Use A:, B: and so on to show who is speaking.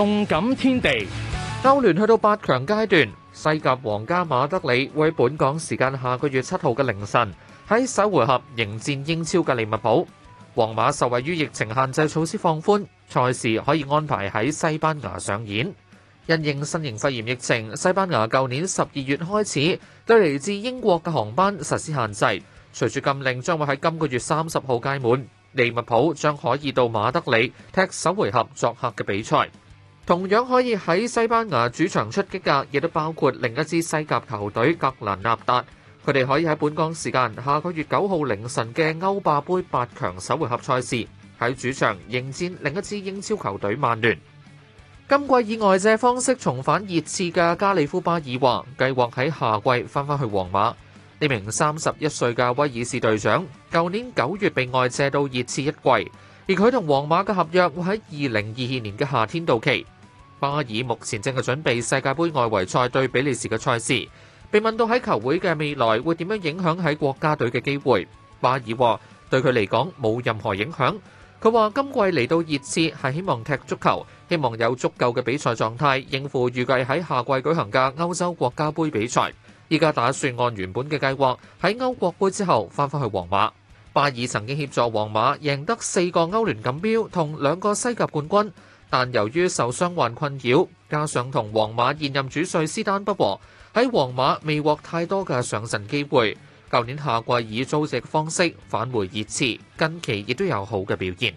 A: 動感天地，歐聯去到八強階段，西甲皇家馬德里會本港時間下個月七號嘅凌晨喺首回合迎戰英超嘅利物浦。皇馬受惠於疫情限制措施放寬，賽事可以安排喺西班牙上演。因應新型肺炎疫情，西班牙舊年十二月開始對嚟自英國嘅航班實施限制，隨住禁令將會喺今個月三十號屆滿，利物浦將可以到馬德里踢首回合作客嘅比賽。同樣可以喺西班牙主場出擊嘅，亦都包括另一支西甲球隊格蘭納達。佢哋可以喺本港時間下個月九號凌晨嘅歐霸杯八強首回合賽事，喺主場迎戰另一支英超球隊曼聯。今季以外借方式重返熱刺嘅加利夫巴爾話，計劃喺夏季翻返去皇馬。呢名三十一歲嘅威爾士隊長，舊年九月被外借到熱刺一季，而佢同皇馬嘅合約會喺二零二二年嘅夏天到期。巴爾目前正係準備世界杯外圍賽對比利時嘅賽事，被問到喺球會嘅未來會點樣影響喺國家隊嘅機會，巴爾話對佢嚟講冇任何影響。佢話今季嚟到熱刺係希望踢足球，希望有足夠嘅比賽狀態應付預計喺夏季舉行嘅歐洲國家杯比賽。依家打算按原本嘅計劃喺歐國杯之後翻返去皇馬。巴爾曾經協助皇馬贏得四個歐聯錦標同兩個西甲冠軍。但由於受傷患困擾，加上同皇馬現任主帥斯丹不和，喺皇馬未獲太多嘅上陣機會。舊年夏季以租借方式返回熱刺，近期亦都有好嘅表現。